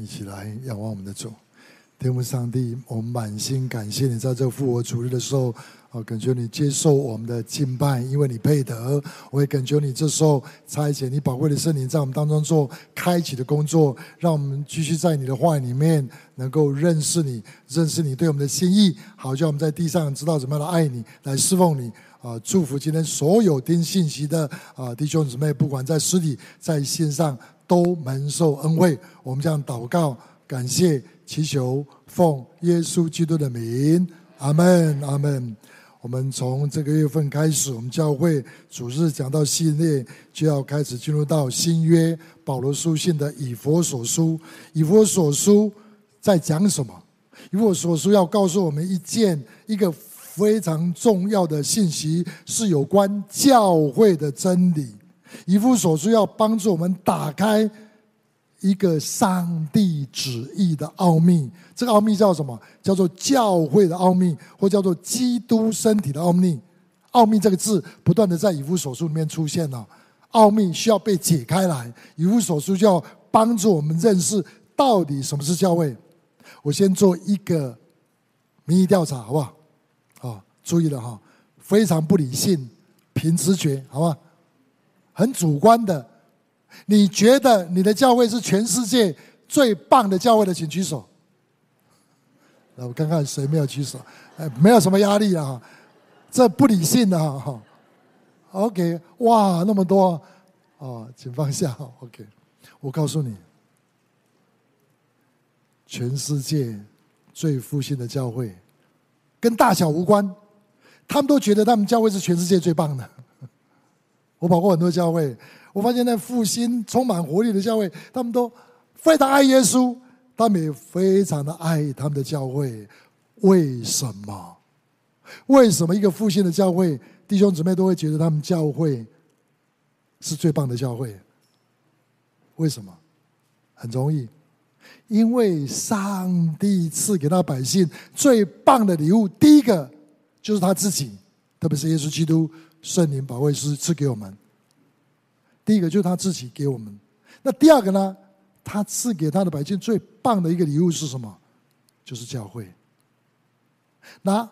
一起來仰望我們的主，天父上帝，我滿心感謝你，在這復活主日的時候，啊，懇求你接受我們的敬拜，因為你配得。我也懇求你，這時候差遣你寶貴的聖靈在我們當中做開啟的工作，讓我們繼續在你的話裡面，能夠認識你，認識你對我們的心意，好叫我們在地上知道怎麼樣來愛你，來侍奉你。啊，祝福今天所有聽信息的啊弟兄姊妹，不管在實體在線上，都蒙受恩惠，我們這樣禱告，感謝，祈求，奉耶穌基督的名，阿門，阿門。我們從這個月份開始，我們教會主日講道系列就要開始進入到新約保羅書信的以弗所書，以弗所書在講什麼？以弗所書要告訴我們一件一個非常重要的信息，是有關教會的真理。《以弗所書》要幫助我們打開一個上帝旨意的奧秘，這個奧秘叫什麼？叫做教會的奧秘，或叫做基督身體的奧秘。奧秘這個字不斷的在《以弗所書》裡面出現了，奧秘需要被解開來，《以弗所書》就要幫助我們認識到底什麼是教會。我先做一個民意調查，好不好？啊、哦，注意了哈，非常不理性，憑直覺，好不好？很主觀的，你覺得你的教會是全世界最棒的教會的，請舉手。那我看看誰沒有舉手，哎，沒有什麼壓力啊，這不理性的哈。OK，哇，那麼多哦，啊，請放下。OK，我告訴你，全世界最復興的教會跟大小無關，他們都覺得他們教會是全世界最棒的。我跑過很多教會，我發現那復興、充滿活力的教會，他們都非常愛耶穌，他們也非常的愛他們的教會。為什麼？為什麼一個復興的教會弟兄姊妹都會覺得他們教會是最棒的教會？為什麼？很容易，因為上帝賜給他百姓最棒的禮物，第一個就是他自己，特別是耶穌基督。聖靈保惠師賜給我們，第一個就是他自己給我們，那第二個呢？他賜給他的百姓最棒的一個禮物是什麼？就是教會。那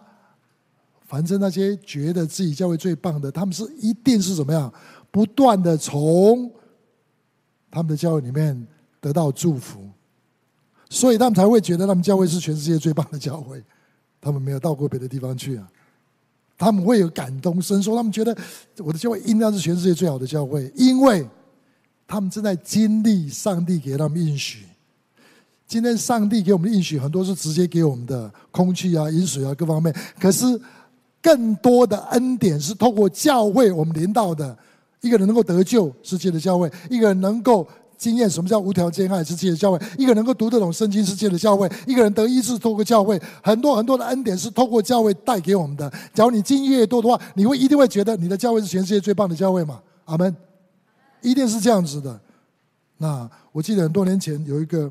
反正那些覺得自己教會最棒的，他們是一定是怎麼樣？不斷的從他們的教會裡面得到祝福，所以他們才會覺得他們教會是全世界最棒的教會。他們沒有到過別的地方去啊。他們會有感同身受，他們覺得我的教會應當是全世界最好的教會，因為他們正在經歷上帝給他們應許。今天上帝給我們的應許很多是直接給我們的空氣啊、飲水啊各方面，可是更多的恩典是透過教會我們領到的。一個人能夠得救，世界的教會；一個人能夠。經驗，什麼叫無條件愛？是教會，一個人能夠讀得懂聖經世界的教會，一個人得醫治，透過教會，很多很多的恩典是透過教會帶給我們的。假如你經驗越多的話，你會一定會覺得你的教會是全世界最棒的教會嘛？阿門，一定是這樣子的。那我記得很多年前有一個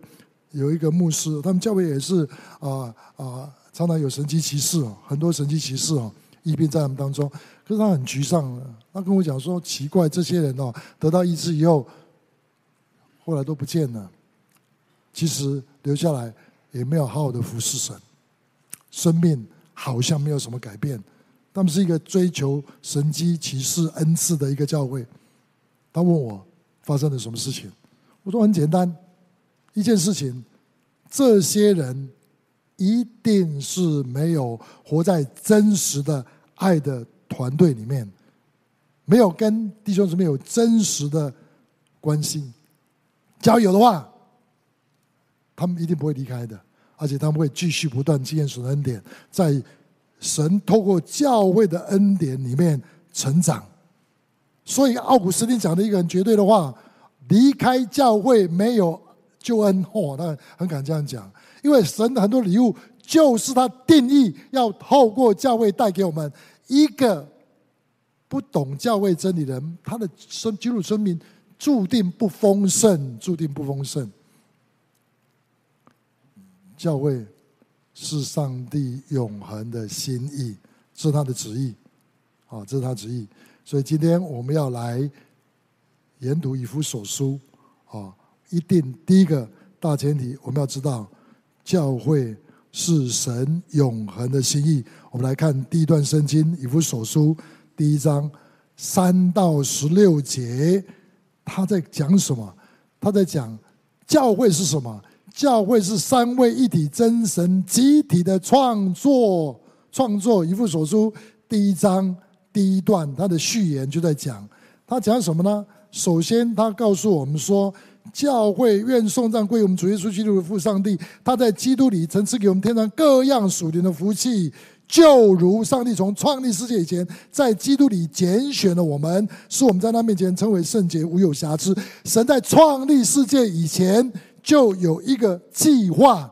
有一個牧師，他們教會也是啊啊，常常有神蹟奇事哦，很多神蹟奇事哦，醫病在他們當中，可是他很沮喪他跟我講說，奇怪，這些人哦、啊，得到醫治以後。後來都不見了。其實留下來也沒有好好的服侍神，生命好像沒有什麼改變。他們是一個追求神蹟、奇事、恩賜的一個教會。他問我發生了什麼事情，我說很簡單，一件事情：這些人一定是沒有活在真實的愛的團隊裡面，沒有跟弟兄姊妹有真實的關係。教友的話，他們一定不會離開的，而且他們會繼續不斷經驗神的恩典，在神透過教會的恩典裡面成長。所以奧古斯丁講的一個很絕對的話：離開教會沒有救恩。我、哦、呢很敢這樣講，因為神的很多禮物就是他定義要透過教會帶給我們。一個不懂教會真理的人，他的基督徒生命。注定不豐盛，注定不豐盛。教會是上帝永恆的心意，是他的旨意啊，這是他的旨意。所以今天我們要來研讀以弗所書啊，一定第一個大前提我們要知道，教會是神永恆的心意。我們來看第一段聖經《以弗所書》第一章三到十六節。他在講什麼？他在講教會是什麼？教會是三位一體真神集體的創作。創作《以弗所書》第一章第一段，他的序言就在講。他講什麼呢？首先，他告訴我們說，教會願頌讚歸我們主耶穌基督的父上帝。他在基督裡曾賜給我們天上各樣屬靈的福氣。就如上帝從創立世界以前，在基督裡揀選了我們，使我們在他面前稱為聖潔，無有瑕疵。神在創立世界以前就有一個計劃，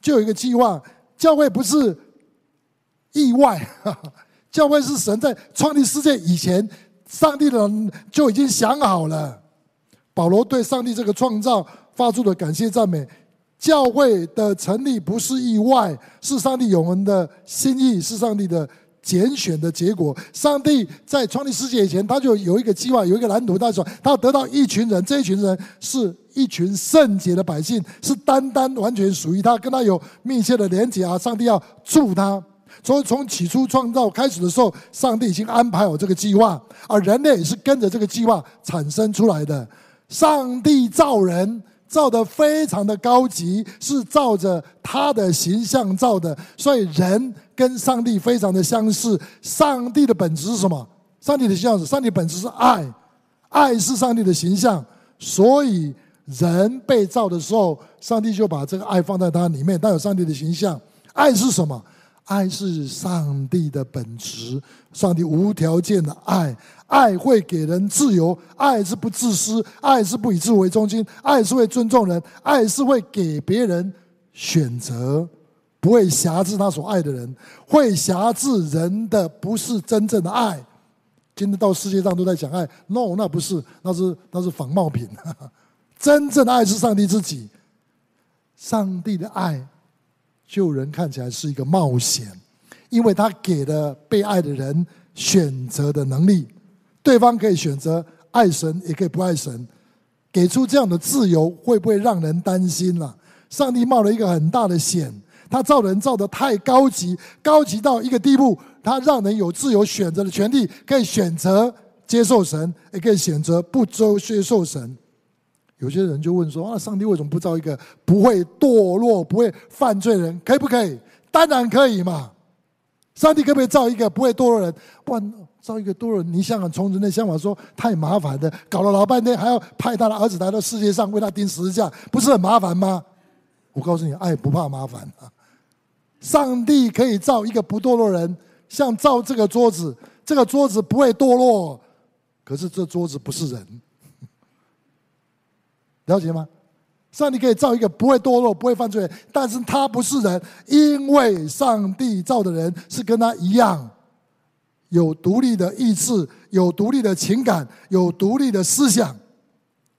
就有一個計劃。教會不是意外，哈哈，教會是神在創立世界以前，上帝的人就已經想好了。保羅對上帝這個創造發出的感謝讚美。教會的成立不是意外，是上帝永恆的心意，是上帝的揀選的結果。上帝在創立世界以前，他就有一個計劃，有一個藍圖。他說，他要得到一群人，這一群人是一群聖潔的百姓，是單單完全屬於他，跟他有密切的連結啊！上帝要助他。所以從起初創造開始的時候，上帝已經安排好這個計劃，而人類也是跟着這個計劃產生出來的。上帝造人。造的非常的高級，是照着他的形象造的，所以人跟上帝非常的相似。上帝的本質是什麼？上帝的形象是，上帝本質是愛，愛是上帝的形象，所以人被造的時候，上帝就把這個愛放在他裡面，帶有上帝的形象。愛是什麼？愛是上帝的本質，上帝無條件的愛，愛會給人自由，愛是不自私，愛是不以自我為中心，愛是會尊重人，愛是會給別人選擇，不會轄制他所愛的人，會轄制人的不是真正的愛。今天到世界上都在講愛，No，那不是，那是那是仿冒品，真正的愛是上帝自己，上帝的愛。救人看起來是一個冒險，因為他給了被愛的人選擇的能力，對方可以選擇愛神，也可以不愛神。給出這樣的自由，會不會讓人擔心了啊？上帝冒了一個很大的險，他造人造得太高級，高級到一個地步，他讓人有自由選擇的權利，可以選擇接受神，也可以選擇不接受神。有些人就問說：“啊，上帝為什麼不造一個不會墮落、不會犯罪的人？可以不可以？當然可以嘛！上帝可不可以造一個不會墮落的人？不然，造一個墮落人？你像很聰明的想法說太麻煩的，搞了老半天還要派他的兒子來到世界上為他釘十字架，不是很麻煩嗎？我告訴你，愛不怕麻煩啊！上帝可以造一個不墮落的人，像造這個桌子，這個桌子不會墮落，可是這桌子不是人。”了解嗎？上帝可以造一個不會墮落、不會犯罪，但是他不是人，因為上帝造的人是跟他一樣，有獨立的意志、有獨立的情感、有獨立的思想。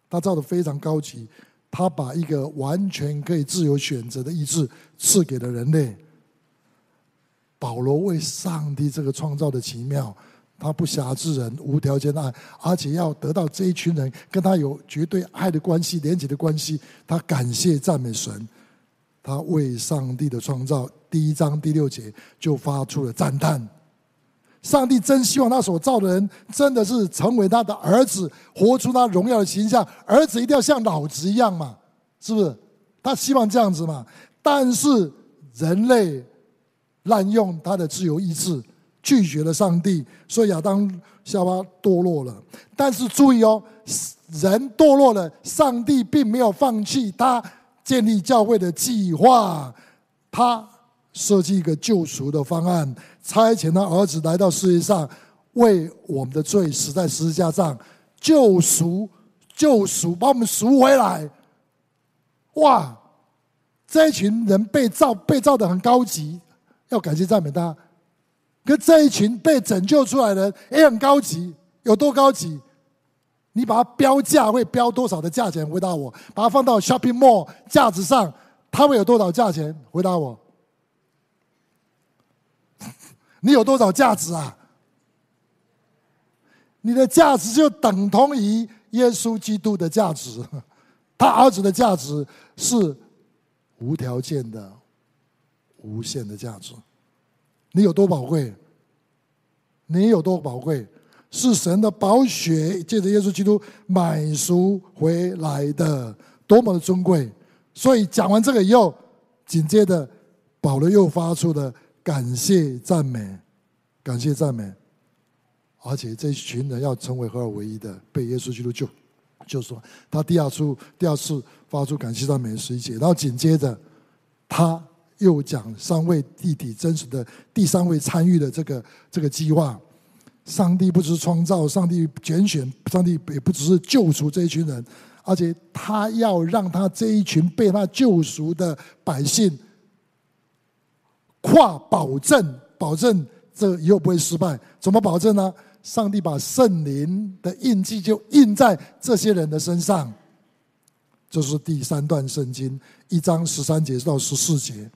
他造得非常高級，他把一個完全可以自由選擇的意志賜給了人類。保羅為上帝這個創造的奇妙。他不挾制人，無條件的愛，而且要得到這一群人跟他有絕對愛的關係、連結的關係。他感謝讚美神，他為上帝的創造，第一章第六節就發出了讚嘆。上帝真希望他所造的人真的是成為他的兒子，活出他榮耀的形象。兒子一定要像老子一樣嘛？是不是？他希望這樣子嘛？但是人類濫用他的自由意志。拒絕了上帝，所以亞當夏娃墮落了。但是注意哦，人墮落了，上帝並沒有放棄他建立教會的計劃。他設計一個救贖的方案，差遣他兒子來到世界上，為我們的罪死在十字架上，救贖，救贖，把我們贖回來。哇，這群人被造，被造的很高級，要感謝讚美他。可這一群被拯救出來的也很高級，有多高級？你把它標價會標多少的價錢？回答我，把它放到 shopping mall 價值上，它會有多少價錢？回答我，你有多少價值啊？你的價值就等同於耶穌基督的價值，他兒子的價值是無條件的、無限的價值。你有多寶貴？你有多寶貴？是神的寶血借着耶穌基督買贖回來的，多麼的尊貴！所以講完這個以後，緊接着保羅又發出了感謝讚美，感謝讚美，而且這群人要成為合而為一的，被耶穌基督救，就是說他第二次，第二次發出感謝讚美的，然後緊接着他。又講三位弟弟真實的第三位參與的這個這個計劃。上帝不只是創造，上帝揀選，上帝也不只是救贖這一群人，而且他要讓他這一群被他救贖的百姓跨保證，保證這以後不會失敗。怎麼保證呢？上帝把聖靈的印記就印在這些人的身上。這就是第三段聖經一章十三節到十四節。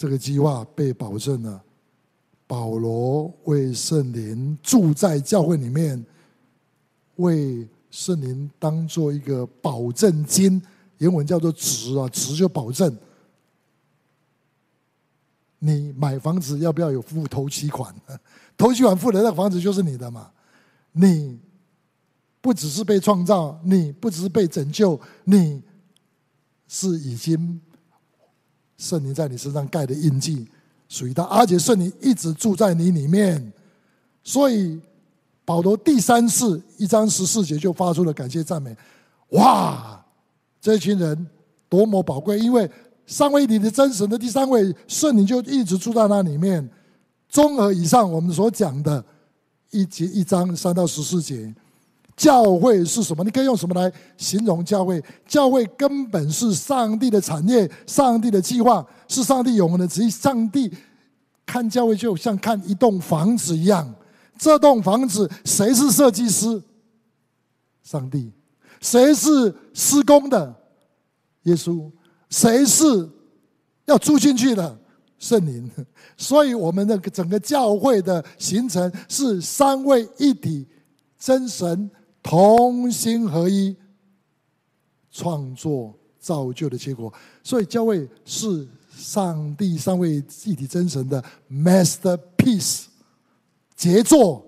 這個計劃被保證了。保羅為聖靈住在教會裡面，為聖靈當做一個保證金，英文叫做“值”啊，“值”就保證你買房子要不要有付頭期款？頭期款付了，那個房子就是你的嘛。你不只是被創造，你不只是被拯救，你是已經。聖靈在你身上蓋的印記，屬於他，而且聖靈一直住在你裡面，所以保羅第三次一章十四節就發出了感謝讚美。哇，這群人多麼寶貴！因為三位一體的真神的第三位聖靈就一直住在那裡面。綜合以上我們所講的一節一章三到十四節。教會是什麼？你可以用什麼來形容教會？教會根本是上帝的產業，上帝的計劃，是上帝永恆的旨意。上帝看教會就像看一棟房子一樣，這棟房子誰是設計師？上帝。誰是施工的？耶穌。誰是要住進去的？聖靈。所以我們的整個教會的形成是三位一體真神同心合一，創作造就的結果，所以教會是上帝三位一體真神的 masterpiece 傑作、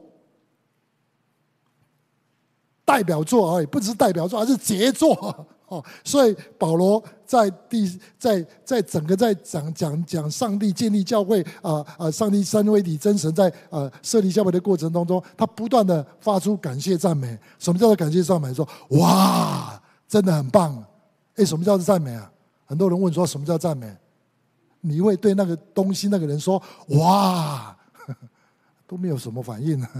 代表作而已，不只是代表作，而是傑作。哦，所以保羅在第在在整個在講講講上帝建立教會啊啊，上帝三位一體真神在呃設立教會的過程當中，他不斷的發出感謝讚美。什麼叫做感謝讚美？說哇，真的很棒！哎，什麼叫做讚美啊？很多人問說什麼叫讚美？你會對那個東西那個人說哇，都沒有什麼反應啊。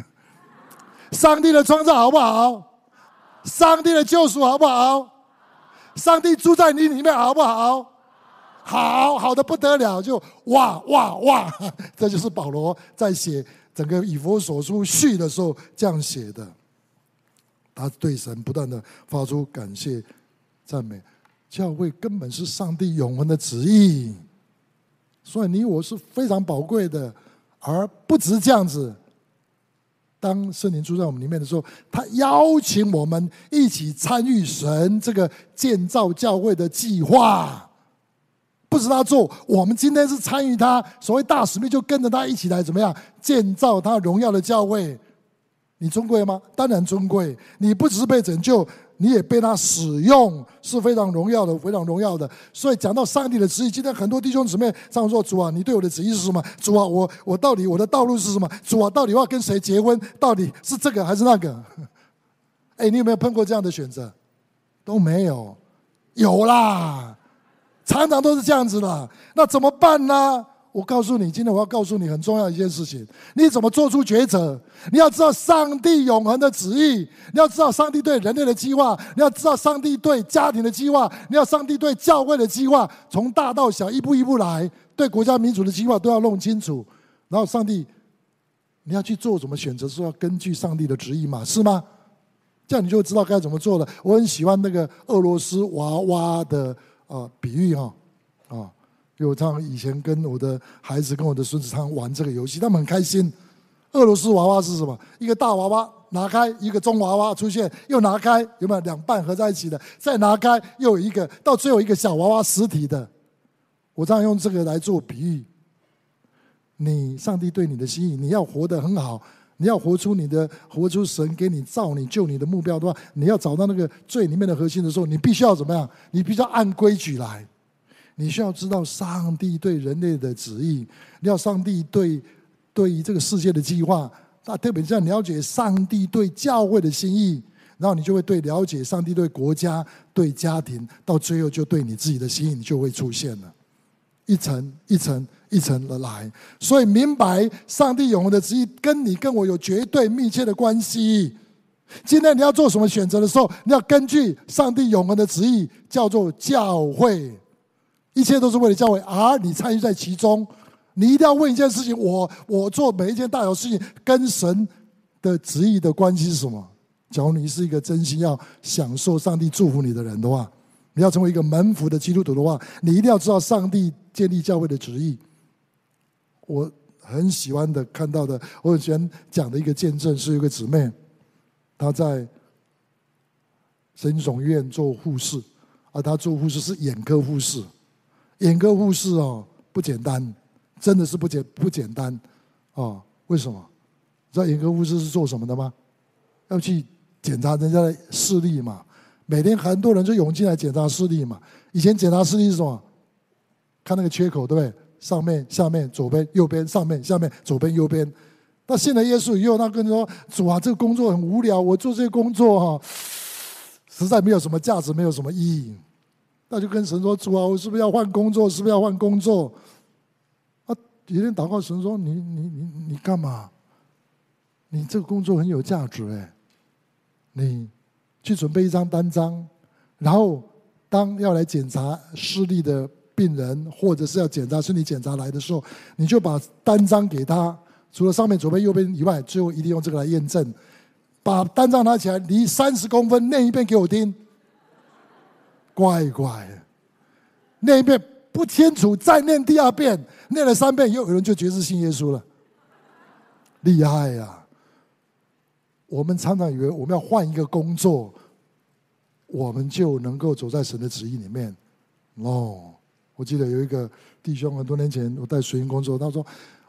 上帝的創造好不好？上帝的救贖好不好？上帝住在你裡面，好不好？好，好的不得了，就哇哇哇！這就是保羅在寫《整個以弗所書序》的時候這樣寫的。他對神不斷地發出感謝、讚美。教會根本是上帝永恆的旨意，所以你我是非常寶貴的，而不只這樣子。當聖靈住在我們裡面的時候，他邀請我們一起參與神這個建造教會的計劃。不是他做，我們今天是參與他所謂大使命，就跟着他一起來怎麼樣建造他榮耀的教會。你尊貴嗎？當然尊貴。你不只是被拯救。你也被他使用，是非常榮耀的，非常榮耀的。所以講到上帝的旨意，今天很多弟兄姊妹這樣說：“主啊，你對我的旨意是什麼？主啊，我我到底我的道路是什麼？主啊，到底我要跟誰結婚？到底是這個還是那個？”哎，你有沒有碰過這樣的選擇？都沒有，有啦，常常都是這樣子的。那怎麼辦呢？我告訴你，今天我要告訴你很重要一件事情：你怎麼做出抉擇？你要知道上帝永恆的旨意，你要知道上帝對人類的計劃，你要知道上帝對家庭的計劃，你要上帝對教會的計劃，從大到小，一步一步來。對國家民族的計劃都要弄清楚，然後上帝，你要去做什麼選擇？是要根據上帝的旨意嘛？是嗎？這樣你就會知道該怎麼做了。我很喜歡那個俄羅斯娃娃的啊比喻哈，啊。我常以前跟我的孩子、跟我的孫子常玩這個遊戲，他們很開心。俄羅斯娃娃是什麼？一個大娃娃拿開，一個中娃娃出現，又拿開，有沒有兩半合在一起的？再拿開，又有一個，到最後一個小娃娃實體的。我常用這個來做比喻。你上帝對你的心意，你要活得很好，你要活出你的活出神給你造你救你的目標的話，你要找到那個最裡面的核心的時候，你必須要怎麼樣？你必須要按規矩來。你需要知道上帝對人類的旨意，你要上帝對對於這個世界的計劃，那特別是要了解上帝對教會的心意，然後你就會對了解上帝對國家、對家庭，到最後就對你自己的心意，你就會出現了。一層一層一層的來，所以明白上帝永恆的旨意，跟你跟我有絕對密切的關係。今天你要做什麼選擇的時候，你要根據上帝永恆的旨意，叫做教會。一切都是為了教會啊！你參與在其中，你一定要問一件事情：我我做每一件大小事情跟神的旨意的關係是什麼？假如你是一個真心要享受上帝祝福你的人的話，你要成為一個門徒的基督徒的話，你一定要知道上帝建立教會的旨意。我很喜歡的看到的，我很喜歡講的一個見證是有一個姊妹，她在神總院做護士，而她做護士是眼科護士。眼科護士哦不簡單，真的是不簡不簡單，啊、哦、為什麼？知道眼科護士是做什麼的嗎？要去檢查人家的視力嘛。每天很多人就湧進來檢查視力嘛。以前檢查視力是什麼？看那個缺口對不對？上面、下面、左邊、右邊、上面、下面、左邊、右邊。到信了耶穌以後，那跟、個、人說：“主啊，這個工作很無聊，我做這個工作哈、哦，實在沒有什麼價值，沒有什麼意義。”那就跟神說：“主啊，我是不是要換工作？是不是要換工作？”啊！有人禱告神說：“你、你、你、你幹嘛？你這個工作很有價值誒。你去準備一張單張，然後當要來檢查視力的病人，或者是要檢查身體檢查來的時候，你就把單張給他。除了上面左邊、右邊以外，最後一定用這個來驗證。把單張拿起來，離三十公分，念一遍給我聽。”乖乖，念一遍不清楚，再念第二遍，念了三遍，又有人就決志信耶穌了。厲害呀、啊！我們常常以為我們要換一個工作，我們就能夠走在神的旨意裡面。哦，我記得有一個弟兄，很多年前我帶水銀工作，他說：“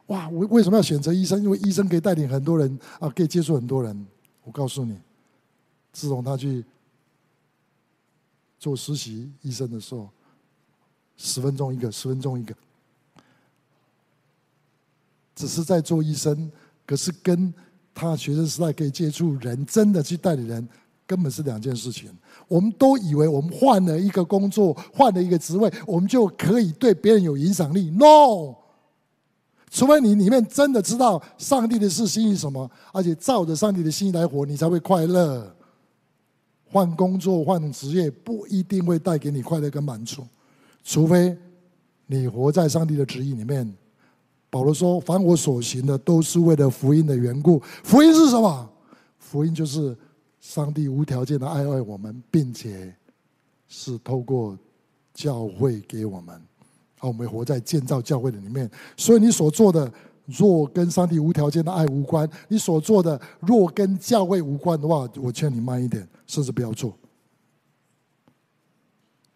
哇，我為什麼要選擇醫生？因為醫生可以帶領很多人啊，可以接觸很多人。”我告訴你，自從他去。做實習醫生的時候，十分鐘一個，十分鐘一個。只是在做醫生，可是跟他學生時代可以接觸人，真的去帶領人，根本是兩件事情。我們都以為我們換了一個工作，換了一個職位，我們就可以對別人有影響力。No，除非你裡面真的知道上帝的事，心意是什麼，而且照着上帝的心意來活，你才會快樂。換工作、換職業，不一定會帶給你快樂跟滿足，除非你活在上帝的旨意裡面。保羅說：“凡我所行的，都是為了福音的緣故。福音是什麼？福音就是上帝無條件的愛愛我們，並且是透過教會給我們。好，我們活在建造教會的裡面。所以，你所做的，若跟上帝無條件的愛無關，你所做的若跟教會無關的話，我勸你慢一點。”甚至不要做。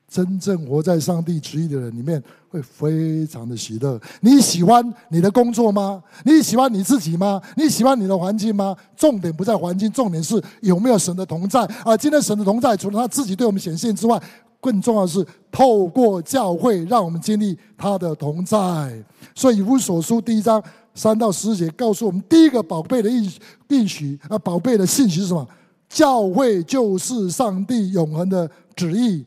真正活在上帝旨意的人裡面，會非常的喜樂。你喜歡你的工作嗎？你喜歡你自己嗎？你喜歡你的環境嗎？重點不在環境，重點是有沒有神的同在啊、呃！今天神的同在，除了他自己對我們顯現之外，更重要的是透過教會讓我們經歷他的同在。所以，《以弗所書》第一章三到十節告訴我們，第一個寶貝的應許啊，寶貝的信息是什麼？教會就是上帝永恆的旨意，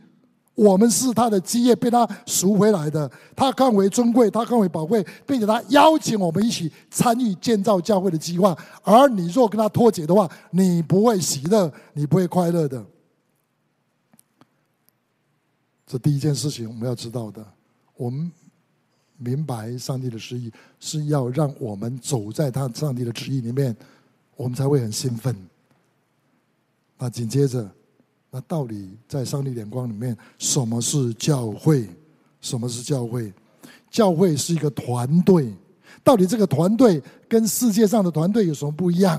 我們是他的基業，被他贖回來的。他看為尊貴，他看為寶貴，並且他邀請我們一起參與建造教會的計劃。而你若跟他脫節的話，你不會喜樂，你不會快樂的。這第一件事情我們要知道的，我們明白上帝的旨意是要讓我們走在他上帝的旨意裡面，我們才會很興奮。啊，緊接着，那到底在上帝眼光裡面，什麼是教會？什麼是教會？教會是一個團隊，到底這個團隊跟世界上的團隊有什麼不一樣？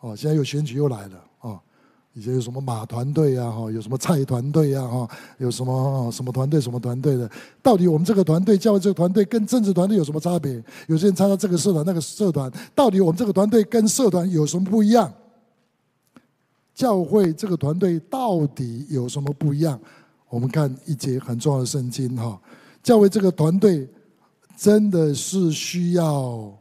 哦，現在又選舉又來了哦，以前有什麼馬團隊啊，哈、啊，有什麼蔡團隊啊，哈、哦，有什麼什麼團隊什麼團隊的？到底我們這個團隊教會這個團隊跟政治團隊有什麼差別？有些人參加這個社團那個社團，到底我們這個團隊跟社團有什麼不一樣？教會這個團隊到底有什麼不一樣？我們看一節很重要的聖經哈，教會這個團隊真的是需要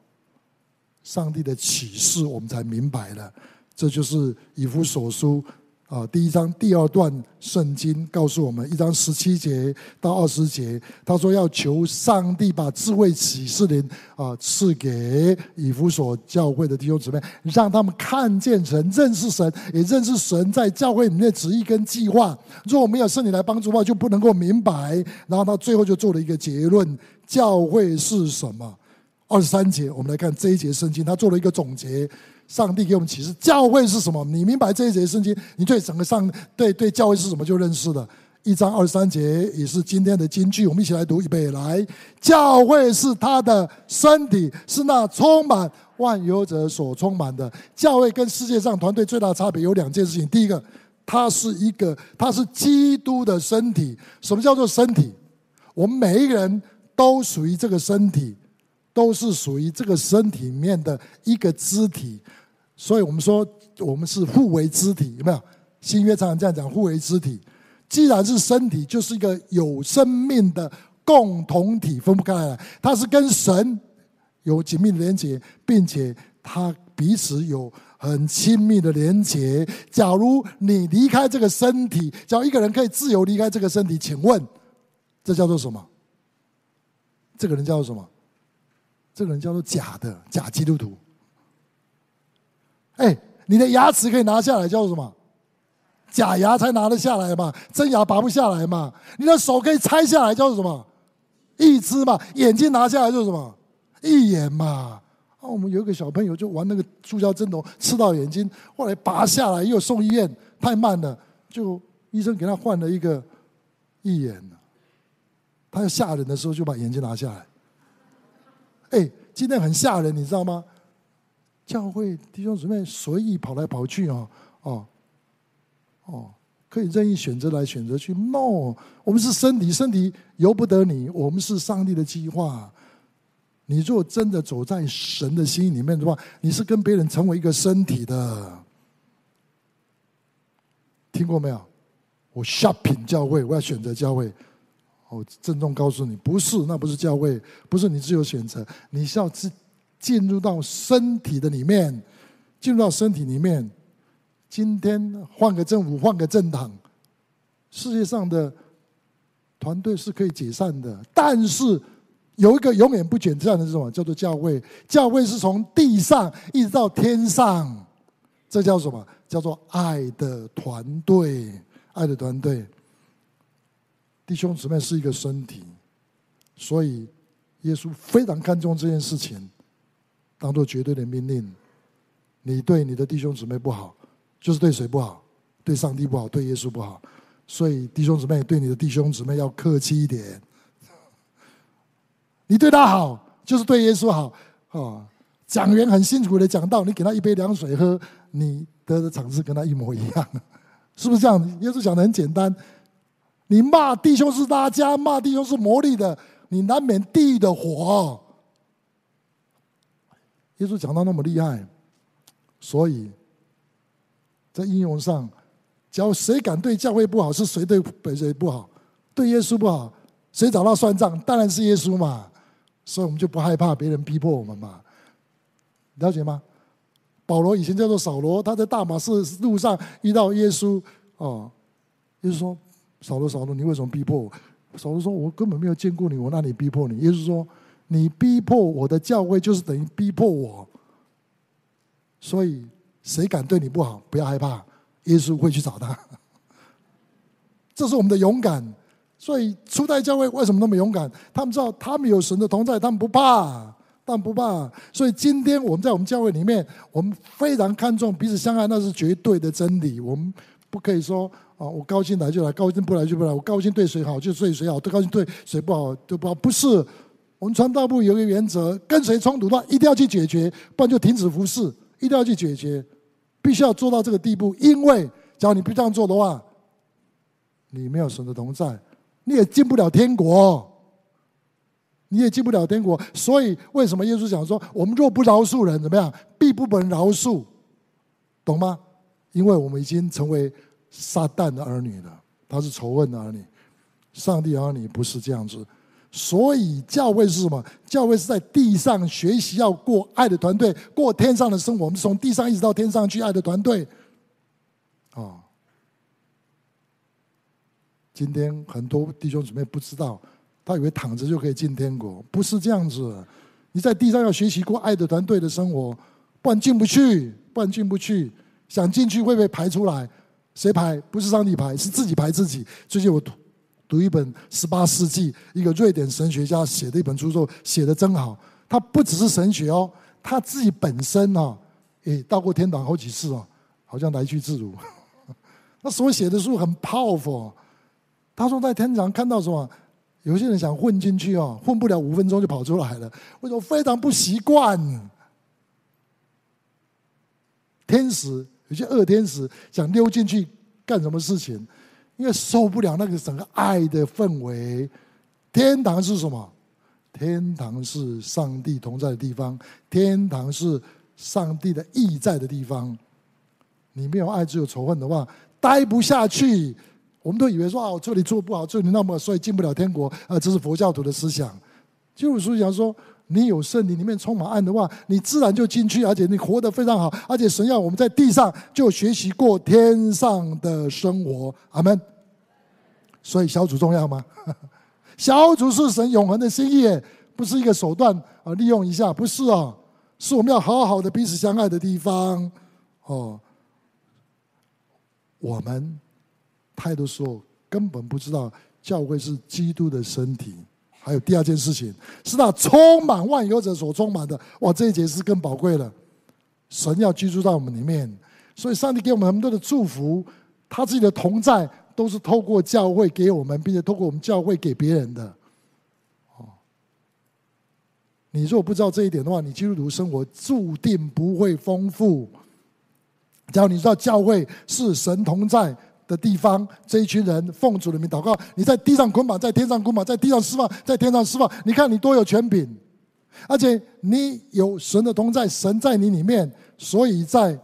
上帝的啟示，我們才明白了，這就是以弗所書。啊，第一章第二段聖經告訴我們，一章十七節到二十節，他說要求上帝把智慧啟示靈啊賜給以弗所教會的弟兄姊妹，讓他們看見神、認識神，也認識神在教會裡面的旨意跟計劃。如果沒有聖靈來幫助的話，就不能夠明白。然後他最後就做了一個結論：教會是什麼？二十三節，我們來看這一節聖經，他做了一個總結。上帝給我們啟示，教會是什麼？你明白這一節聖經，你對整個上對、對教會是什麼就認識了。一章二十三節也是今天的金句，我們一起來讀。預備來，教會是他的身體，是那充滿萬有者所充滿的。教會跟世界上團隊最大的差別有兩件事情：第一個，它是一個，它是基督的身體。什麼叫做身體？我們每一個人都屬於這個身體。都是屬於這個身體裡面的一個肢體，所以我們說我們是互為肢體，有沒有？新約常常這樣講，互為肢體。既然是身體，就是一個有生命的共同體，分不開來，來。它是跟神有緊密的連結，並且它彼此有很親密的連結。假如你離開這個身體，假如一個人可以自由離開這個身體，請問，這叫做什麼？這個人叫做什麼？這個人叫做假的假基督徒。哎、欸，你的牙齒可以拿下來叫做什麼？假牙才拿得下來嘛，真牙拔不下來嘛。你的手可以拆下來叫做什麼？義肢嘛。眼睛拿下來就是什麼？義眼嘛。啊，我們有一個小朋友就玩那個塑膠針頭，刺到眼睛，後來拔下來又送醫院，太慢了，就醫生給他換了一個義眼。他要嚇人的時候就把眼睛拿下來。哎，今天很嚇人，你知道嗎？教會弟兄姊妹隨意跑來跑去哦。哦，哦，可以任意選擇來選擇去。No，我們是身體，身體由不得你。我們是上帝的計劃。你若真的走在神的心裡面的話，你是跟別人成為一個身體的。聽過沒有？我 shopping 教會，我要選擇教會。我鄭重告訴你，不是，那不是教會，不是你自由選擇，你是要進進入到身體的裡面，進入到身體裡面。今天換個政府，換個政黨，世界上的團隊是可以解散的，但是有一個永遠不解散的，是什麼？叫做教會。教會是從地上一直到天上，這叫什麼？叫做愛的團隊，愛的團隊。弟兄姊妹是一個身體，所以耶穌非常看重這件事情，當做絕對的命令。你對你的弟兄姊妹不好，就是對誰不好，對上帝不好，對耶穌不好。所以弟兄姊妹對你的弟兄姊妹要客氣一點。你對他好，就是對耶穌好。哦，講員很辛苦的講道，你給他一杯涼水喝，你得的場子跟他一模一樣，是不是這樣？耶穌講的很簡單。你罵弟兄是拉加，罵弟兄是魔利的，你難免地獄的火。耶穌講到那麼厲害，所以在應用上，只要誰敢對教會不好，是誰對誰不好，對耶穌不好，誰找他算賬，當然是耶穌嘛。所以我們就不害怕別人逼迫我們嘛。了解嗎？保羅以前叫做掃羅，他在大馬士路上遇到耶穌，哦，耶穌說。掃羅，掃羅，你為什麼逼迫我？掃羅說：“我根本沒有見過你，我哪裡逼迫你？”耶穌說：“你逼迫我的教會，就是等於逼迫我。”所以，誰敢對你不好，不要害怕，耶穌會去找他。這是我們的勇敢。所以，初代教會為什麼那麼勇敢？他們知道他們有神的同在，他們不怕，他們不怕。所以，今天我們在我們教會裡面，我們非常看重彼此相愛，那是絕對的真理。我們不可以說。哦，我高興來就來，高興不來就不來。我高興對誰好就對誰好，都高興對誰不好就不好。不是，我們傳道部有一個原則：跟誰衝突的話，一定要去解決，不然就停止服侍。一定要去解決，必須要做到這個地步。因為只要你不這樣做的話，你沒有神的同在，你也進不了天國，你也進不了天國。所以，為什麼耶穌講說：我們若不饒恕人，怎麼樣？必不能饒恕，懂嗎？因為我們已經成為。撒旦的兒女的，他是仇恨的兒女；上帝的兒女不是這樣子。所以教會是什麼？教會是在地上學習，要過愛的團隊，過天上的生活。我們是從地上一直到天上去，愛的團隊。啊、哦。今天很多弟兄姊妹不知道，他以為躺着就可以進天國，不是這樣子。你在地上要學習過愛的團隊的生活，不然進不去，不然進不去。想進去會不會排出來。誰排？不是上帝排，是自己排自己。最近我讀讀一本十八世紀一個瑞典神學家寫的一本著作，寫得真好。他不只是神學哦，他自己本身啊、哦，誒、欸，到過天堂好幾次哦，好像來去自如。那所寫的書很 powerful。他說在天堂看到什麼，有些人想混進去哦，混不了五分鐘就跑出來了，我說非常不習慣。天使，有些惡天使想溜進去幹什麼事情，因為受不了那個整個愛的氛圍。天堂是什麼？天堂是上帝同在的地方，天堂是上帝的意在的地方。你沒有愛，只有仇恨的話，待不下去。我們都以為說哦，啊，這裡做不好，這裡那麼，所以進不了天國。啊，這是佛教徒的思想。基督教講說。你有聖靈裡面充滿愛的話，你自然就進去，而且你活得非常好。而且神要我們在地上就學習過天上的生活，阿門。所以小組重要嗎？小組是神永恆的心意，不是一個手段啊，利用一下，不是啊、哦，是我們要好好的彼此相愛的地方。哦，我們太多時候根本不知道教會是基督的身體。還有第二件事情，是那充滿萬有者所充滿的。哇，這一節是更寶貴了。神要居住在我們裡面，所以上帝給我們很多的祝福，他自己的同在都是透過教會給我們，並且透過我們教會給別人的。哦，你如果不知道這一點的話，你基督徒生活注定不會豐富。只要你知道教會是神同在的地方，這一群人奉主的名禱告。你在地上捆綁，在天上捆綁；在地上釋放，在天上釋放。你看你多有權柄，而且你有神的同在，神在你裡面。所以在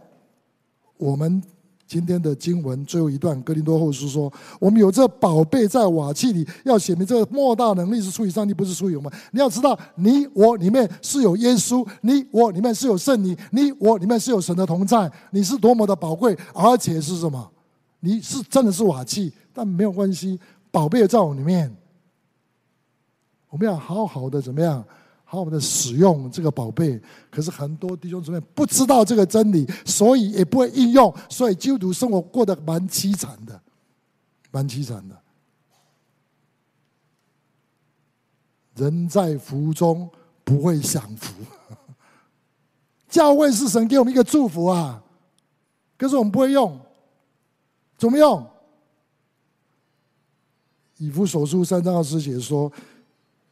我們今天的經文最後一段，《哥林多後書》說：“我們有這寶貝在瓦器裡，要顯明這個莫大能力是出於上帝，不是出於我們。”你要知道，你我裡面是有耶穌，你我裡面是有聖靈，你我裡面是有神的同在。你是多麼的寶貴，而且是什麼？你是真的是瓦器，但沒有關係，寶貝在我裡面。我們要好好的怎麼樣？好好的使用這個寶貝。可是很多弟兄姊妹不知道這個真理，所以也不會應用，所以基督徒生活過得蠻淒慘的，蠻淒慘的。人在福中不會享福，呵呵，教會是神給我們一個祝福啊，可是我們不會用。怎麼用？以弗所書三章二十節說，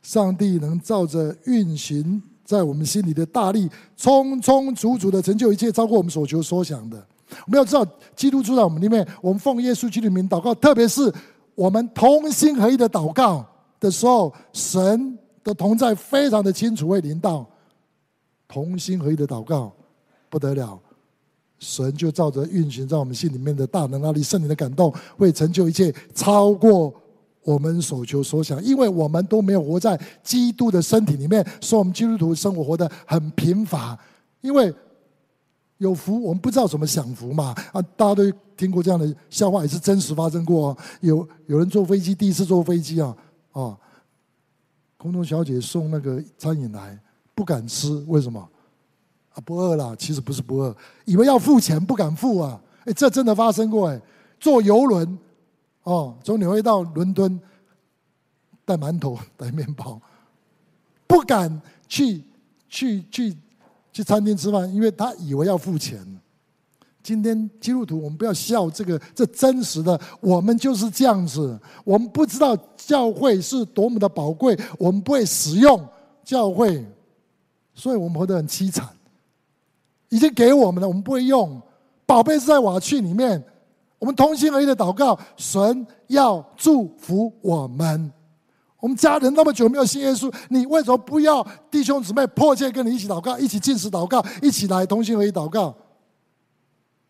上帝能照着運行在我們心裡的大力，充充足足的成就一切，超過我們所求所想的。我們要知道，基督住在我們裡面，我們奉耶穌基督的名禱告，特別是我們同心合一的禱告的時候，神的同在非常的清楚，會臨到，同心合一的禱告，不得了。神就照着運行在我們心裡面的大能大力聖靈的感動，會成就一切，超過我們所求所想，因為我們都沒有活在基督的身體裡面，所以我們基督徒生活活得很貧乏，因為有福，我們不知道怎麼享福嘛。啊，大家都聽過這樣的笑話，也是真實發生過哦。有有人坐飛機，第一次坐飛機啊，啊，空中小姐送那個餐飲來，不敢吃，為什麼？啊，不餓啦！其實不是不餓，以為要付錢不敢付啊，誒，這真的發生過誒，欸，坐遊輪，哦，從紐約到倫敦，帶饅頭帶麵包，不敢去去去去餐廳吃飯，因為他以為要付錢。今天基督徒，我們不要笑這個，這真實的，我們就是這樣子。我們不知道教會是多麼的寶貴，我們不會使用教會，所以我們活得很淒慘。已經給我們了，我們不會用。寶貝是在瓦器裡面，我們同心合一的禱告，神要祝福我們。我們家人那麼久沒有信耶穌，你為什麼不要弟兄姊妹迫切跟你一起禱告，一起禁食禱告，一起來同心合一禱告？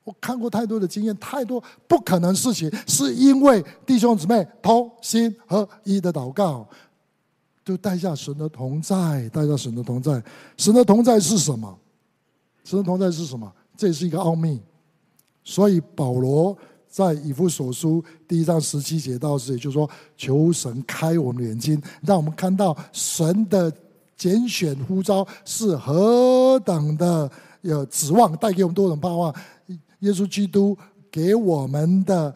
我看過太多的經驗，太多不可能事情，是因為弟兄姊妹同心合一的禱告，就帶下神的同在，帶下神的同在，神的同在是什麼？神同在是什麼？這是一個奧秘。所以保羅在以弗所書第一章十七節，到這裡就是說，求神開我們的眼睛，讓我們看到神的揀選呼召是何等的有指望，帶給我們多種盼望。耶穌基督給我們的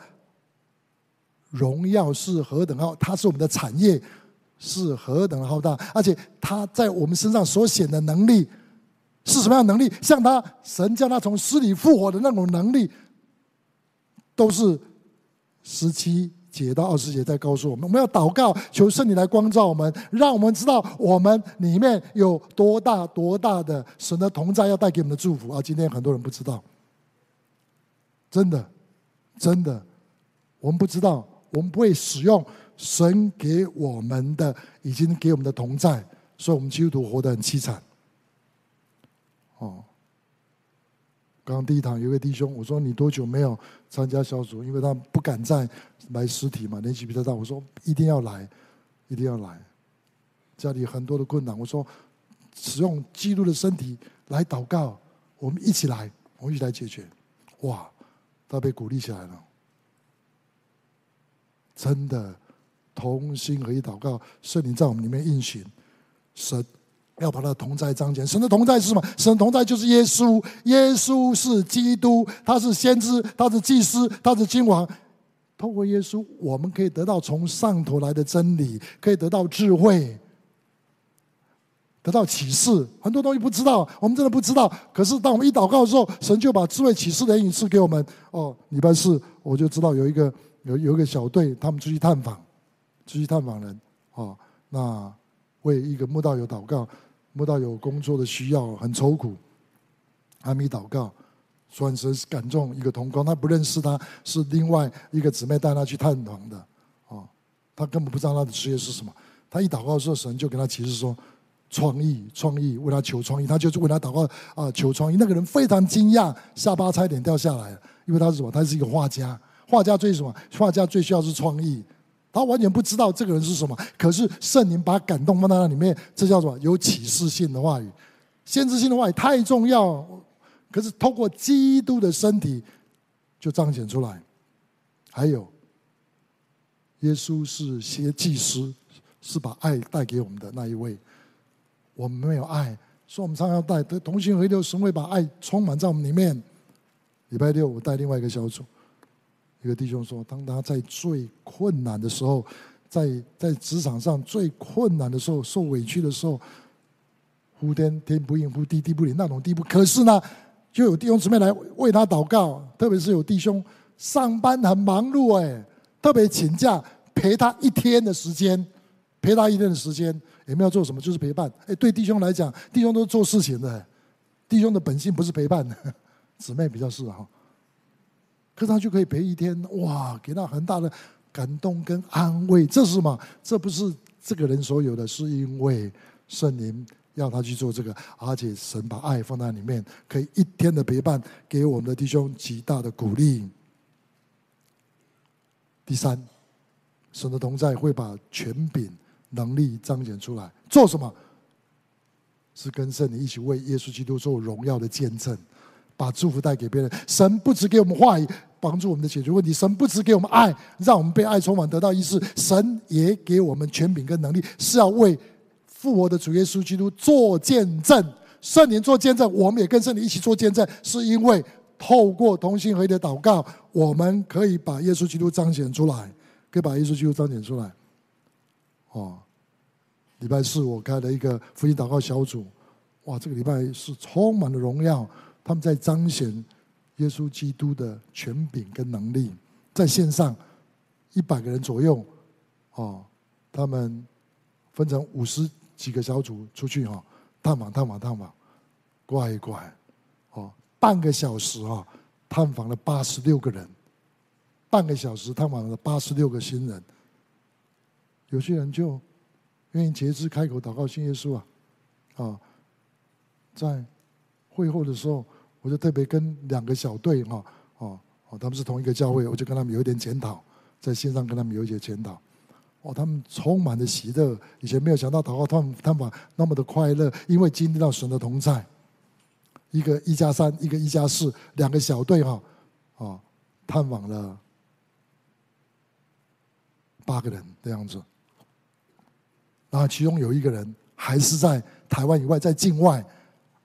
榮耀是何等浩，他是我們的產業是何等的浩大，而且他在我們身上所顯的能力，是什麼樣的能力？像他，神將他從死裡復活的那種能力，都是十七節到二十節在告訴我們：我們要禱告，求聖靈來光照我們，讓我們知道我們裡面有多大多大的神的同在要帶給我們的祝福。而、啊、今天很多人不知道，真的，真的，我們不知道，我們不會使用神給我們的，已經給我們的同在，所以我們基督徒活得很悽慘。哦，剛剛第一堂有一位弟兄，我說你多久沒有參加小組？因為他不敢再來實體嘛，年紀比較大。我說一定要來，一定要來。家裡很多的困難，我說使用基督的身體來禱告，我們一起來，我們一起來解決。哇，他被鼓勵起來了，真的同心合一禱告，聖靈在我們裡面運行，神。要把他的同在彰顯。神的同在是什麼？神的同在就是耶穌。耶穌是基督，他是先知，他是祭司，他是君王。透過耶穌，我們可以得到從上頭來的真理，可以得到智慧，得到啟示。很多東西不知道，我們真的不知道。可是當我們一禱告的時候，神就把智慧啟示的靈賜給我們。哦，禮拜四我就知道有一個有有一個小隊，他們出去探訪，出去探訪人。哦，那為一個慕道友禱告。摸到有工作的需要，很愁苦。還沒禱告，轉身感動一個同工，他不認識他，是另外一個姊妹帶他去探堂的。啊、哦。他根本不知道他的職業是什麼。他一禱告的時候，神就跟他啟示說，創意，創意，為他求創意。他就是為他禱告啊、呃，求創意。那個人非常驚訝，下巴差點掉下來，因為他是什麼？他是一個畫家，畫家最什麼？畫家最需要是創意。他完全不知道這個人是什麼，可是聖靈把感動放在那裡面，這叫做有啟示性的話語。先知性的話語太重要，可是通過基督的身體就彰顯出來。還有，耶穌是先祭司，是把愛帶給我們的那一位。我們沒有愛，所以我們常常要帶同心合流神會，把愛充滿在我們裡面。禮拜六我帶另外一個小組。一個弟兄說：“當他在最困難的時候，在在職場上最困難的時候，受委屈的時候，呼天天不應不，呼地地不靈那種地步。可是呢，就有弟兄姊妹來為他禱告，特別是有弟兄上班很忙碌，誒，特別請假陪他一天的時間，陪他一天的時間也沒有做什麼，就是陪伴。誒，對弟兄來講，弟兄都是做事情的，弟兄的本性不是陪伴的，姊妹比較是合、哦。可是他就可以陪一天，哇，給他很大的感動跟安慰。這是什麼？這不是這個人所有的，是因為聖靈要他去做這個，而且神把愛放在裡面，可以一天的陪伴，給我們的弟兄極大的鼓勵。第三，神的同在會把權柄能力彰顯出來，做什麼？是跟聖靈一起為耶穌基督做榮耀的見證。把祝福帶給別人。神不只給我們話語，幫助我們的解決問題；神不只給我們愛，讓我們被愛充滿，得到醫治，神也給我們權柄跟能力，是要為復活的主耶穌基督做見證。聖靈做見證，我們也跟聖靈一起做見證，是因為透過同心合一的禱告，我們可以把耶穌基督彰顯出來，可以把耶穌基督彰顯出來。哦，禮拜四我開了一個福音禱告小組，哇，這個禮拜是充滿了榮耀。他們在彰顯耶穌基督的權柄跟能力，在線上一百個人左右，哦，他們分成五十幾個小組出去哈，探訪探訪探訪，怪怪哦，半個小時啊，探訪了八十六個人，半個小時探訪了八十六個新人，有些人就願意決志開口禱告信耶穌啊，啊，在會後的時候。我就特別跟兩個小隊哈，哦哦，他們是同一個教會，我就跟他們有一點檢討，在線上跟他們有一些檢討。哦，他們充滿了喜樂，以前沒有想到，他們探訪那麼的快樂，因為經歷到神的同在。一個一加三，3, 一個一加四，兩個小隊哈，哦，探訪了八個人這樣子。然後其中有一個人還是在台灣以外，在境外，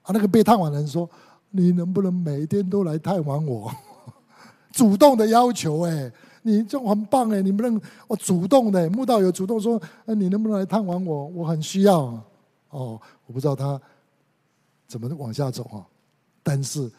啊，那個被探訪的人說。你能不能每天都來探望我？主動的要求哎、欸，你這種很棒哎、欸，你不能我、哦、主動的、欸，慕道友主動說、哎，你能不能來探望我？我很需要哦。我不知道他怎麼往下走啊。但是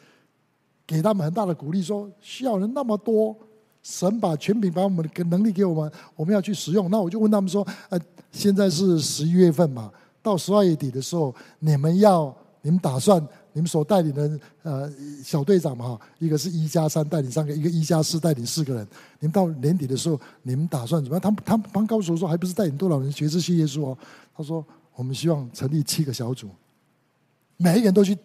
給他們很大的鼓勵說，說需要人那麼多，神把全品把我們的能力給我們，我們要去使用。那我就問他們說，呃、哎，現在是十一月份嘛，到十二月底的時候，你們要，你們打算？你們所帶領的呃小隊長嘛哈，一個是一加三帶領三個，一個一加四帶領四個人。你們到年底的時候，你們打算怎麼樣？他他們幫高主說，還不是帶領多少人決志信耶穌哦？他說我們希望成立七個小組，每一個人都去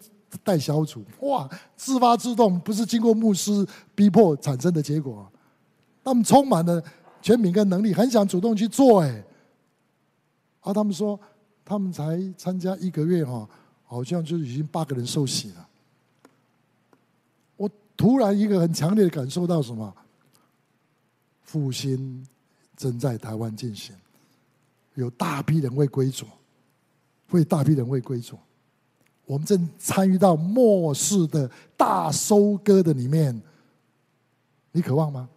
帶小組，哇，自發自動，不是經過牧師逼迫產生的結果。他們充滿了權柄跟能力，很想主動去做哎。而、啊、他們說，他們才參加一個月哈、哦。好像就已經八個人受洗了。我突然一個很強烈的感受到什麼，復興正在台灣進行，有大批人會歸主，為大批人會歸主，我們正參與到末世的大收割的裡面。你渴望嗎？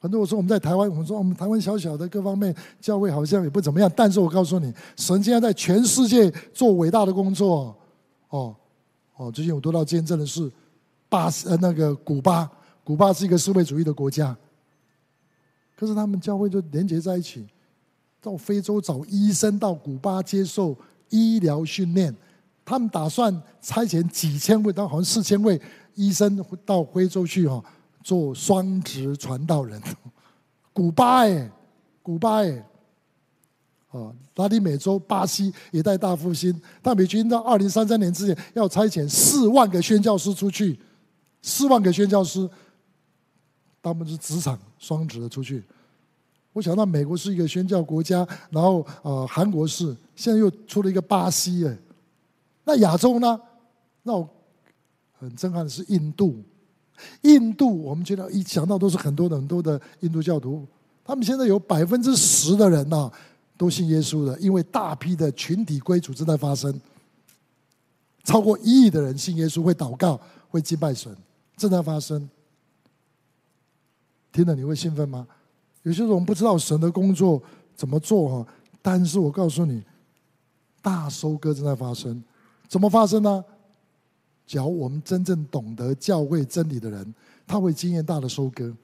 很多人說我們在台灣，我們說我們台灣小小的，各方面教會好像也不怎麼樣，但是我告訴你，神現要在全世界做偉大的工作。哦，哦，最近我讀到見證的是巴士，巴呃那個古巴，古巴是一個社會主義的國家，可是他們教會就連接在一起，到非洲找醫生，到古巴接受醫療訓練，他們打算差遣幾千位，到好像四千位醫生到非洲去哈、哦，做雙職傳道人，古巴哎、欸，古巴哎、欸。啊，拉丁、哦、美洲、巴西也帶大復興。大美軍到二零三三年之前要差遣四萬個宣教師出去，四萬個宣教師，他們是職場雙職的出去。我想到美國是一個宣教國家，然後呃，韓國是，現在又出了一個巴西哎。那亞洲呢？那我很震撼的是印度，印度我們聽到一想到都是很多的很多的印度教徒，他們現在有百分之十的人呢、啊。都信耶穌的，因為大批的群體歸主正在發生，超過一億的人信耶穌，會禱告，會敬拜神，正在發生。聽了你會興奮嗎？有些時候我們不知道神的工作怎麼做哈，但是我告訴你，大收割正在發生，怎麼發生呢？只要我們真正懂得教會真理的人，他會經驗大的收割。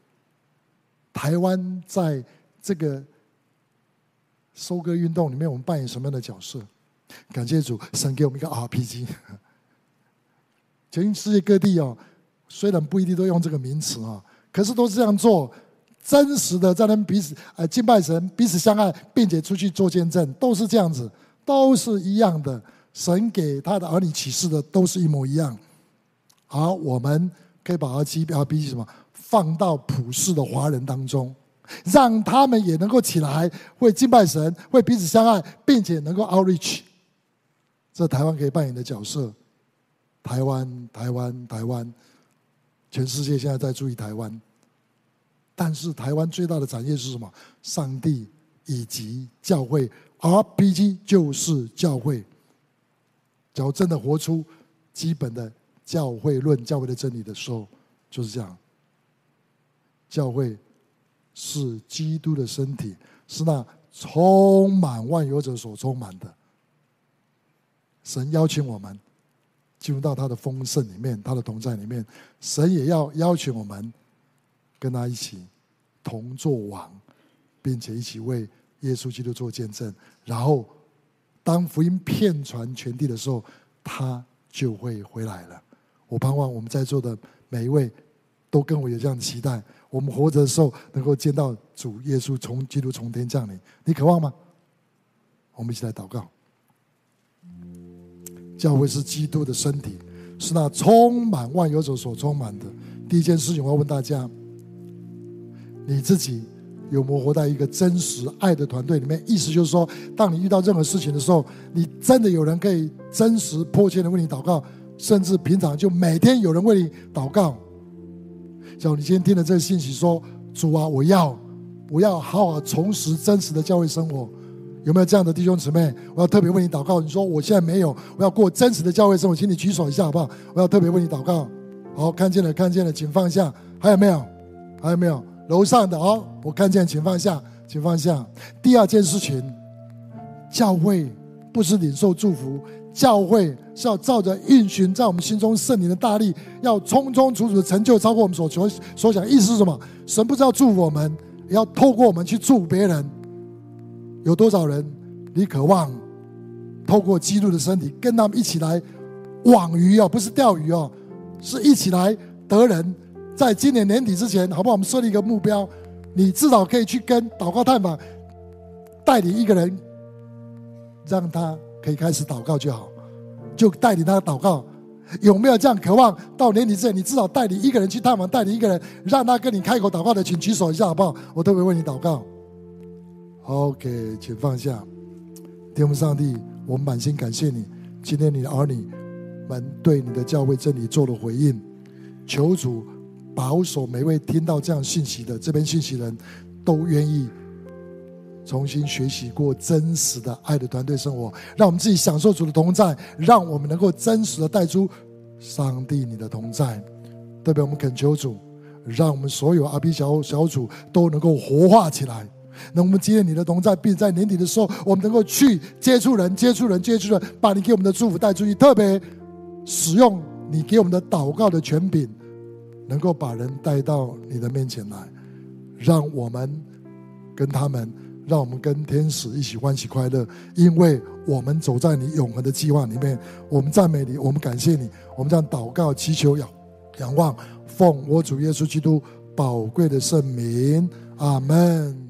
台灣在這個。收割運動裡面，我們扮演什麼樣的角色？感謝主，神給我們一個 RPG。全世界各地哦，雖然不一定都用這個名詞啊、哦，可是都是這樣做，真實的在他們彼此呃敬拜神、彼此相愛，並且出去做見證，都是這樣子，都是一樣的。神給他的兒女啟示的都是一模一樣。好，我們可以把 RPG 什麼放到普世的華人當中。讓他們也能夠起來，會敬拜神，會彼此相愛，並且能夠 outreach。這台灣可以扮演的角色。台灣，台灣，台灣，全世界現在在注意台灣。但是，台灣最大的產業是什麼？上帝以及教會。而 PG 就是教會。只要真的活出基本的教會論、教會的真理的時候，就是這樣。教會是基督的身體，是那充滿萬有者所充滿的。神邀請我們進入到他的豐盛裡面，他的同在裡面。神也要邀請我們跟他一起同作王，並且一起為耶穌基督做見證。然後，當福音遍傳全地的時候，他就會回來了。我盼望我們在座的每一位，都跟我有這樣的期待。我們活着的時候，能夠見到主耶穌從基督從天降臨，你渴望嗎？我們一起來禱告。教會是基督的身體，是那充滿萬有者所充滿的。第一件事情，我要問大家：你自己有沒有活在一個真實愛的團隊裡面？意思就是說，當你遇到任何事情的時候，你真的有人可以真實迫切的為你禱告，甚至平常就每天有人為你禱告。叫你今天聽了這個信息說，說主啊，我要，我要好好、啊、重拾真實的教會生活，有沒有這樣的弟兄姊妹？我要特別為你禱告。你說我現在沒有，我要過真實的教會生活，請你舉手一下好不好？我要特別為你禱告。好，看見了，看見了，請放下。還有沒有？還有沒有？樓上的啊、哦，我看見了，請放下，請放下。第二件事情，教會不是領受祝福。教會是要照着運行在我們心中聖靈的大力，要充充足足的成就超過我們所求所想。意思是什麼？神不是要祝福我們，也要透過我們去祝福別人。有多少人？你渴望透過基督的身體跟他們一起來網魚哦，不是釣魚哦，是一起來得人。在今年年底之前，好不好？我們設立一個目標，你至少可以去跟禱告探訪，帶領一個人，讓他。可以開始禱告就好，就帶領他禱告，有沒有這樣渴望？到年底之前，你至少帶領一個人去探訪，帶領一個人讓他跟你開口禱告的，請舉手一下，好不好？我特別為你禱告。好，okay，請放下。天父上帝，我們滿心感謝你，今天你的兒女們對你的教會真理做了回應，求主保守每位聽到這樣信息的這邊信息人都願意。重新學習過真實的愛的團隊生活，讓我們自己享受主的同在，讓我們能夠真實的帶出上帝你的同在。代表我們懇求主，讓我們所有阿 B 小小組都能夠活化起來。那我們今天你的同在，並在年底的時候，我們能夠去接觸人、接觸人、接觸人，把你給我們的祝福帶出去，特別使用你給我們的禱告的權柄，能夠把人帶到你的面前來，讓我們跟他們。讓我們跟天使一起歡喜快樂，因為我們走在你永恆的計劃裡面。我們讚美你，我們感謝你，我們這樣禱告祈求，仰仰望，奉我主耶穌基督寶貴的聖名，阿門。